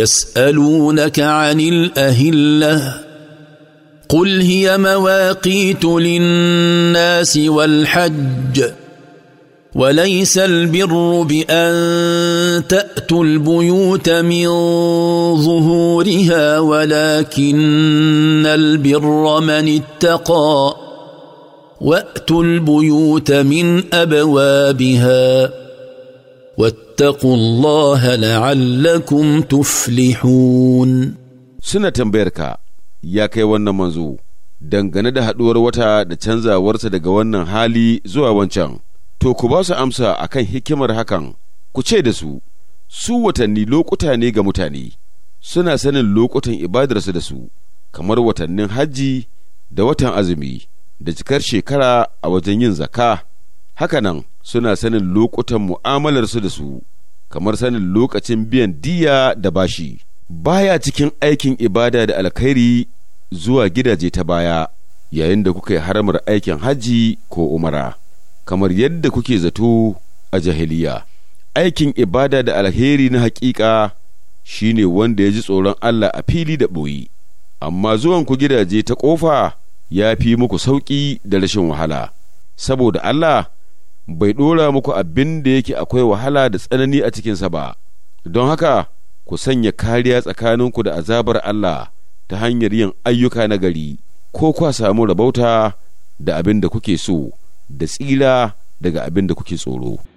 يسالونك عن الاهله قل هي مواقيت للناس والحج وليس البر بان تاتوا البيوت من ظهورها ولكن البر من اتقى واتوا البيوت من ابوابها واتقوا الله tuflihun. suna tambayarka ya kai wannan manzo dangane da haɗuwar wata da canzawarsa daga wannan hali zuwa wancan to ku ba su amsa akan hikimar hakan ku ce da su su watanni lokuta ne ga mutane suna sanin lokutan ibadarsu da su kamar watannin hajji da watan azumi da cikar shekara a wajen yin zaka hakanan suna sanin lokutan mu'amalarsu da su kamar sanin lokacin biyan diya da bashi baya cikin aikin ibada da alkhairi zuwa gidaje ta baya yayin da kuka yi haramar aikin hajji ko umara kamar yadda kuke zato a jahiliya aikin ibada da alheri na hakika shine wanda ya ji tsoron Allah a fili da ɓoyi amma zuwan ku gidaje ta ƙofa ya fi muku sauƙi da rashin wahala saboda Allah bai ɗora muku abin da yake akwai wahala da tsanani a cikinsa ba, don haka ku sanya kariya tsakaninku da azabar Allah ta hanyar yin ayyuka na gari, ko kwa samu rabauta da abin da kuke so, da tsira daga abin da kuke tsoro.